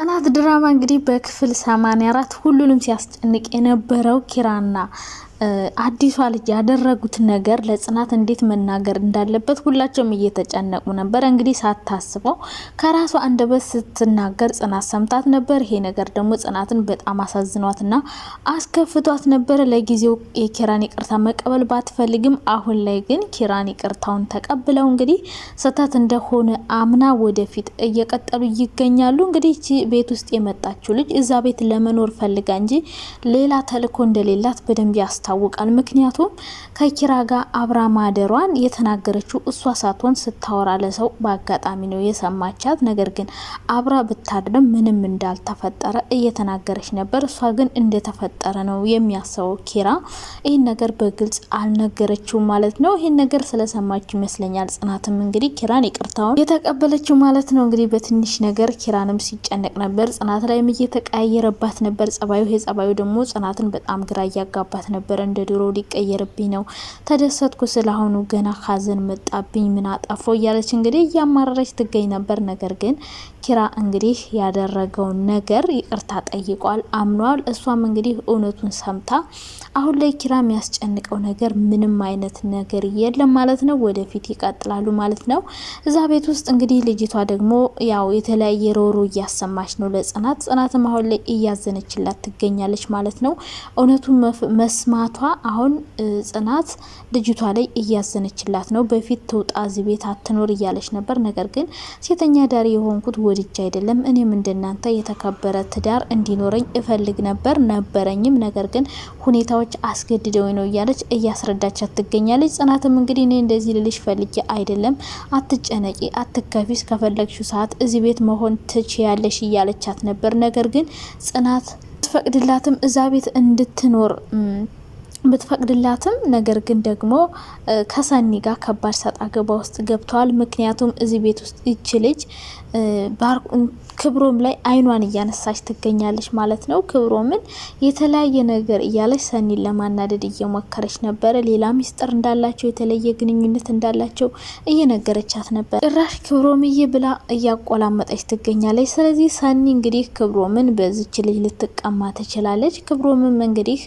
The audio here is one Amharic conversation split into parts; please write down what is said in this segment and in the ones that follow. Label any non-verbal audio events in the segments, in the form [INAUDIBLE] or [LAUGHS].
ጽናት ድራማ እንግዲህ በክፍል 84 ሁሉንም ሲያስጨንቅ የነበረው ኪራና አዲሷ ልጅ ያደረጉት ነገር ለጽናት እንዴት መናገር እንዳለበት ሁላቸውም እየተጨነቁ ነበር። እንግዲህ ሳታስበው ከራሷ አንደበት ስትናገር ጽናት ሰምታት ነበር። ይሄ ነገር ደግሞ ጽናትን በጣም አሳዝኗትና አስከፍቷት ነበር። ለጊዜው የኪራን ይቅርታ መቀበል ባትፈልግም፣ አሁን ላይ ግን ኪራን ይቅርታውን ተቀብለው እንግዲህ ስህተት እንደሆነ አምና ወደፊት እየቀጠሉ ይገኛሉ። እንግዲህ ቤት ውስጥ የመጣችው ልጅ እዛ ቤት ለመኖር ፈልጋ እንጂ ሌላ ተልእኮ እንደሌላት በደንብ ያስ ያስታውቃል። ምክንያቱም ከኪራ ጋር አብራ ማደሯን የተናገረችው እሷ ሳትሆን ስታወራ ለሰው በአጋጣሚ ነው የሰማቻት። ነገር ግን አብራ ብታድርም ምንም እንዳልተፈጠረ እየተናገረች ነበር። እሷ ግን እንደተፈጠረ ነው የሚያስበው ኪራ። ይህን ነገር በግልጽ አልነገረችውም ማለት ነው። ይህን ነገር ስለሰማች ይመስለኛል ጽናትም እንግዲህ ኪራን ይቅርታውን የተቀበለችው ማለት ነው። እንግዲህ በትንሽ ነገር ኪራንም ሲጨነቅ ነበር። ጽናት ላይም እየተቀያየረባት ነበር ጸባዩ። ይሄ ጸባዩ ደግሞ ጽናትን በጣም ግራ እያጋባት ነበር። ነበር እንደ ድሮ ሊቀየርብኝ ነው። ተደሰትኩ ስለአሁኑ ገና ሀዘን መጣብኝ፣ ምን አጠፋው እያለች እንግዲህ እያማረረች ትገኝ ነበር። ነገር ግን ኪራ እንግዲህ ያደረገውን ነገር ይቅርታ ጠይቋል፣ አምኗል። እሷም እንግዲህ እውነቱን ሰምታ አሁን ላይ ኪራ የሚያስጨንቀው ነገር ምንም አይነት ነገር የለም ማለት ነው። ወደፊት ይቀጥላሉ ማለት ነው። እዛ ቤት ውስጥ እንግዲህ ልጅቷ ደግሞ ያው የተለያየ ሮሮ እያሰማች ነው ለጽናት። ጽናትም አሁን ላይ እያዘነችላት ትገኛለች ማለት ነው። እውነቱን መስማቷ አሁን ጽናት ልጅቷ ላይ እያዘነችላት ነው። በፊት ትውጣ እዚህ ቤት አትኖር እያለች ነበር። ነገር ግን ሴተኛ ዳሪ የሆንኩት ወ። ወድጄ አይደለም። እኔም እንደናንተ የተከበረ ትዳር እንዲኖረኝ እፈልግ ነበር ነበረኝም፣ ነገር ግን ሁኔታዎች አስገድደው ነው እያለች እያስረዳቻት ትገኛለች። ጽናትም እንግዲህ እኔ እንደዚህ ልልሽ ፈልጌ አይደለም፣ አትጨነቂ፣ አትከፊስ ከፈለግሽው ሰዓት እዚህ ቤት መሆን ትችያለሽ እያለቻት ነበር። ነገር ግን ጽናት ትፈቅድላትም እዛ ቤት እንድትኖር ብትፈቅድላትም ነገር ግን ደግሞ ከሰኒ ጋር ከባድ ሰጣ ገባ ውስጥ ገብተዋል። ምክንያቱም እዚህ ቤት ውስጥ ይች ልጅ ክብሮም ላይ አይኗን እያነሳች ትገኛለች ማለት ነው። ክብሮምን የተለያየ ነገር እያለች ሰኒን ለማናደድ እየሞከረች ነበረ። ሌላ ሚስጥር እንዳላቸው የተለየ ግንኙነት እንዳላቸው እየነገረቻት ነበር። ጭራሽ ክብሮምዬ ብላ እያቆላመጠች ትገኛለች። ስለዚህ ሰኒ እንግዲህ ክብሮምን በዚች ልጅ ልትቀማ ትችላለች። ክብሮምም እንግዲህ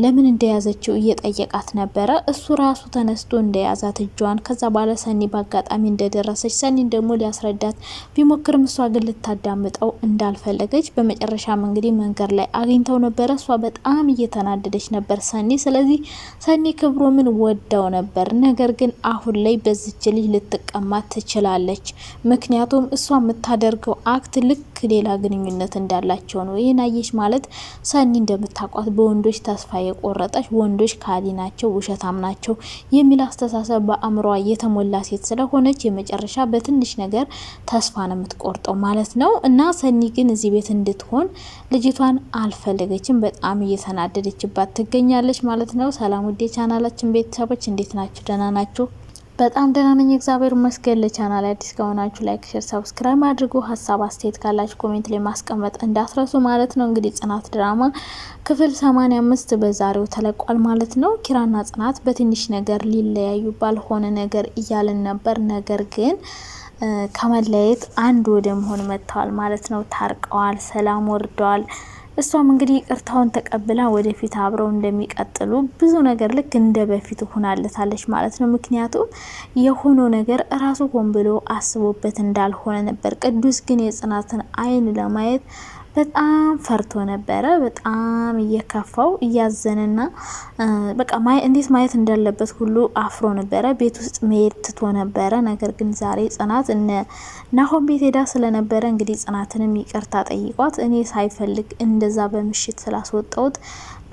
ለምን እንደያዘችው እየጠየቃት ነበረ። እሱ ራሱ ተነስቶ እንደያዛት እጇን፣ ከዛ በኋላ ሰኒ በአጋጣሚ እንደደረሰች ሰኒን ደግሞ ሊያስረዳት ቢሞክርም እሷ ግን ልታዳምጠው እንዳልፈለገች፣ በመጨረሻም እንግዲህ መንገድ ላይ አግኝተው ነበረ። እሷ በጣም እየተናደደች ነበር ሰኒ። ስለዚህ ሰኒ ክብሮምን ወዳው ነበር፣ ነገር ግን አሁን ላይ በዚች ልጅ ልትቀማት ትችላለች። ምክንያቱም እሷ የምታደርገው አክት ልክ ሌላ ግንኙነት እንዳላቸው ነው። ይህን አየች ማለት ሰኒ እንደምታቋት በወንዶች ተስፋ የቆረጠች ወንዶች ካሊ ናቸው፣ ውሸታም ናቸው የሚል አስተሳሰብ በአእምሯ የተሞላ ሴት ስለሆነች የመጨረሻ በትንሽ ነገር ተስፋ ነው የምትቆርጠው ማለት ነው። እና ሰኒ ግን እዚህ ቤት እንድትሆን ልጅቷን አልፈለገችም። በጣም እየተናደደችባት ትገኛለች ማለት ነው። ሰላም ውዴ ቻናላችን ቤተሰቦች እንዴት ናቸው? ደህና ናችሁ? በጣም ደህና ነኝ እግዚአብሔር ይመስገን። ለቻናል አዲስ ከሆናችሁ ላይክ፣ ሼር፣ ሰብስክራይብ አድርጉ። ሀሳብ አስተያየት ካላችሁ ኮሜንት ላይ ማስቀመጥ እንዳትረሱ ማለት ነው። እንግዲህ ጽናት ድራማ ክፍል 85 በዛሬው ተለቋል ማለት ነው። ኪራና ጽናት በትንሽ ነገር ሊለያዩ ባልሆነ ነገር እያልን ነበር። ነገር ግን ከመለየት አንድ ወደ መሆን መጥተዋል ማለት ነው። ታርቀዋል፣ ሰላም ወርደዋል። እሷም እንግዲህ ይቅርታውን ተቀብላ ወደፊት አብረው እንደሚቀጥሉ ብዙ ነገር ልክ እንደ በፊት ሆናለታለች ማለት ነው። ምክንያቱም የሆነው ነገር ራሱ ሆን ብሎ አስቦበት እንዳልሆነ ነበር። ቅዱስ ግን የጽናትን አይን ለማየት በጣም ፈርቶ ነበረ። በጣም እየከፋው እያዘነና በቃ እንዴት ማየት እንዳለበት ሁሉ አፍሮ ነበረ። ቤት ውስጥ መሄድ ትቶ ነበረ። ነገር ግን ዛሬ ጽናት እነ ናሆም ቤት ሄዳ ስለነበረ እንግዲህ ጽናትንም ይቅርታ ጠይቋት እኔ ሳይፈልግ እንደዛ በምሽት ስላስወጣውት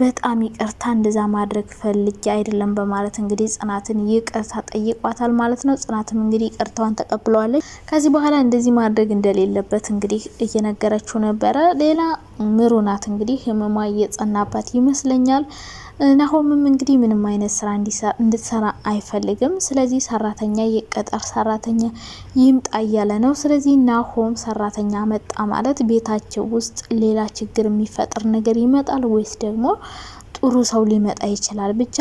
በጣም ይቅርታ እንደዛ ማድረግ ፈልጌ አይደለም በማለት እንግዲህ ጽናትን ይቅርታ ጠይቋታል ማለት ነው። ጽናትም እንግዲህ ይቅርታዋን ተቀብለዋለች። ከዚህ በኋላ እንደዚህ ማድረግ እንደሌለበት እንግዲህ እየነገረችው ነበረ። ሌላ ምሩ ናት እንግዲህ ህመሟ እየጸናባት ይመስለኛል። ናሆምም እንግዲህ ምንም አይነት ስራ እንድትሰራ አይፈልግም። ስለዚህ ሰራተኛ የቀጠር ሰራተኛ ይምጣ እያለ ነው። ስለዚህ ናሆም ሰራተኛ መጣ ማለት ቤታቸው ውስጥ ሌላ ችግር የሚፈጥር ነገር ይመጣል ወይስ ደግሞ ጥሩ ሰው ሊመጣ ይችላል። ብቻ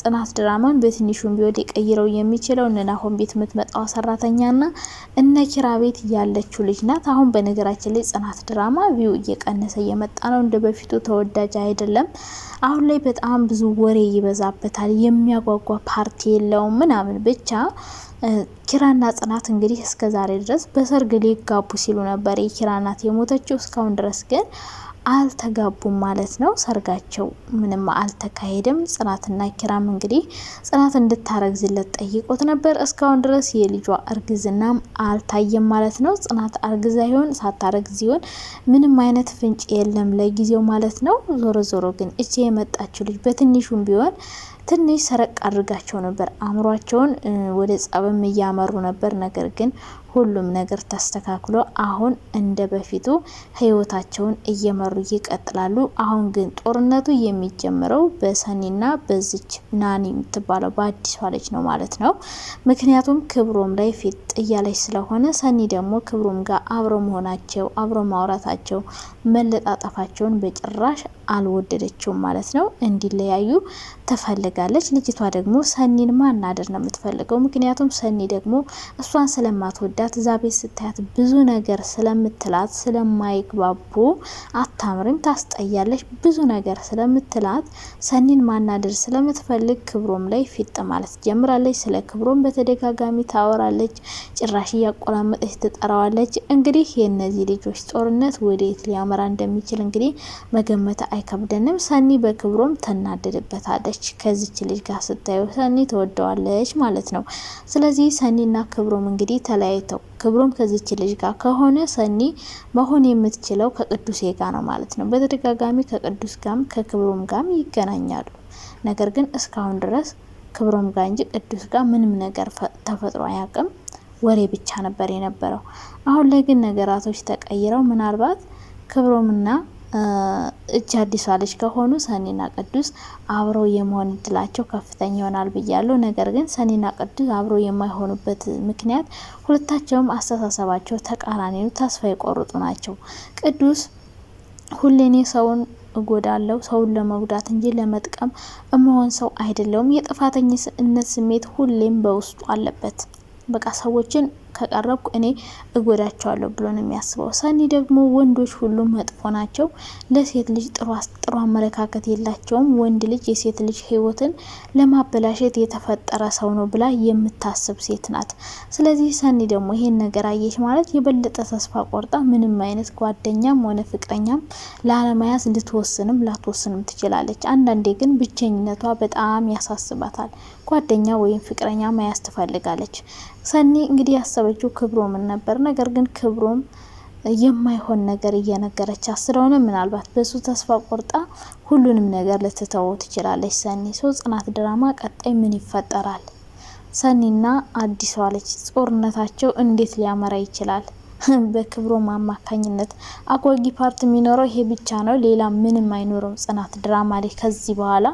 ጽናት ድራማን በትንሹም ቢሆን ሊቀይረው የሚችለው እነ ናሆም ቤት የምትመጣው ሰራተኛና እነ ኪራ ቤት ያለችው ልጅ ናት። አሁን በነገራችን ላይ ጽናት ድራማ ቪው እየቀነሰ እየመጣ ነው። እንደ በፊቱ ተወዳጅ አይደለም። አሁን ላይ በጣም ብዙ ወሬ ይበዛበታል። የሚያጓጓ ፓርቲ የለውም ምናምን ብቻ ኪራና ጽናት እንግዲህ እስከ ዛሬ ድረስ በሰርግ ሊጋቡ ሲሉ ነበር የኪራናት የሞተችው። እስካሁን ድረስ ግን አልተጋቡም ማለት ነው። ሰርጋቸው ምንም አልተካሄደም። ጽናትና ኪራም እንግዲህ ጽናት እንድታረግዝለት ጠይቆት ነበር። እስካሁን ድረስ የልጇ እርግዝናም አልታየም ማለት ነው። ጽናት አርግዛ ይሆን ሳታረግዝ ይሆን? ምንም አይነት ፍንጭ የለም ለጊዜው ማለት ነው። ዞሮ ዞሮ ግን እቺ የመጣችው ልጅ በትንሹም ቢሆን ትንሽ ሰረቅ አድርጋቸው ነበር። አእምሯቸውን ወደ ጸብም እያመሩ ነበር ነገር ግን ሁሉም ነገር ተስተካክሎ አሁን እንደ በፊቱ ህይወታቸውን እየመሩ ይቀጥላሉ። አሁን ግን ጦርነቱ የሚጀምረው በሰኒና በዚች ናኒ የምትባለው በአዲሷ ልጅ ነው ማለት ነው። ምክንያቱም ክብሮም ላይ ፊት እያለች ስለሆነ ሰኒ ደግሞ ክብሮም ጋር አብሮ መሆናቸው አብሮ ማውራታቸው መለጣጠፋቸውን በጭራሽ አልወደደችውም ማለት ነው። እንዲለያዩ ትፈልጋለች። ልጅቷ ደግሞ ሰኒን ማናደር ነው የምትፈልገው። ምክንያቱም ሰኒ ደግሞ እሷን ስለማትወዳት እዛ ቤት ስታያት ብዙ ነገር ስለምትላት ስለማይግባቡ፣ አታምርም፣ ታስጠያለች ብዙ ነገር ስለምትላት ሰኒን ማናደር ስለምትፈልግ ክብሮም ላይ ፊጥ ማለት ጀምራለች። ስለ ክብሮም በተደጋጋሚ ታወራለች። ጭራሽ እያቆላመጠች ትጠራዋለች። እንግዲህ የእነዚህ ልጆች ጦርነት ወዴት ሊያመራ እንደሚችል እንግዲህ መገመት አይ አይከብደንም። ሰኒ በክብሮም ትናደድበታለች። ከዚች ልጅ ጋር ስታዩ ሰኒ ትወደዋለች ማለት ነው። ስለዚህ ሰኒና ክብሮም እንግዲህ ተለያይተው ክብሮም ከዚች ልጅ ጋር ከሆነ ሰኒ መሆን የምትችለው ከቅዱሴ ጋር ነው ማለት ነው። በተደጋጋሚ ከቅዱስ ጋም ከክብሮም ጋም ይገናኛሉ። ነገር ግን እስካሁን ድረስ ክብሮም ጋር እንጂ ቅዱስ ጋር ምንም ነገር ተፈጥሮ አያውቅም። ወሬ ብቻ ነበር የነበረው። አሁን ላይ ግን ነገራቶች ተቀይረው ምናልባት ክብሮምና እች አዲሷ ልጅ ከሆኑ ሰኒና ቅዱስ አብረው የመሆን እድላቸው ከፍተኛ ይሆናል ብያለሁ። ነገር ግን ሰኒና ቅዱስ አብረው የማይሆኑበት ምክንያት ሁለታቸውም አስተሳሰባቸው ተቃራኒ ነው። ተስፋ የቆረጡ ናቸው። ቅዱስ ሁሌኔ ሰውን እጎዳለው ሰውን ለመጉዳት እንጂ ለመጥቀም እመሆን ሰው አይደለውም። የጥፋተኝነት ስሜት ሁሌም በውስጡ አለበት። በቃ ሰዎችን ከቀረብኩ እኔ እጎዳቸዋለሁ ብሎ ነው የሚያስበው። ሰኒ ደግሞ ወንዶች ሁሉም መጥፎ ናቸው፣ ለሴት ልጅ ጥሩ አመለካከት የላቸውም፣ ወንድ ልጅ የሴት ልጅ ህይወትን ለማበላሸት የተፈጠረ ሰው ነው ብላ የምታስብ ሴት ናት። ስለዚህ ሰኒ ደግሞ ይሄን ነገር አየች ማለት የበለጠ ተስፋ ቆርጣ ምንም አይነት ጓደኛም ሆነ ፍቅረኛም ላለመያዝ ልትወስንም ላትወስንም ትችላለች። አንዳንዴ ግን ብቸኝነቷ በጣም ያሳስባታል። ጓደኛ ወይም ፍቅረኛ መያዝ ትፈልጋለች። ሰኒ እንግዲህ ያሰበችው ክብሮምን ነበር። ነገር ግን ክብሮም የማይሆን ነገር እየነገረቻት ስለሆነ ምናልባት በሱ ተስፋ ቆርጣ ሁሉንም ነገር ልትተወ ትችላለች። ሰኒ ሰው ጽናት ድራማ ቀጣይ ምን ይፈጠራል? ሰኒና አዲሷ ልጅ ጦርነታቸው እንዴት ሊያመራ ይችላል? [LAUGHS] በክብሮም አማካኝነት አጓጊ ፓርት የሚኖረው ይሄ ብቻ ነው። ሌላ ምንም አይኖረውም ጽናት ድራማ ላይ ከዚህ በኋላ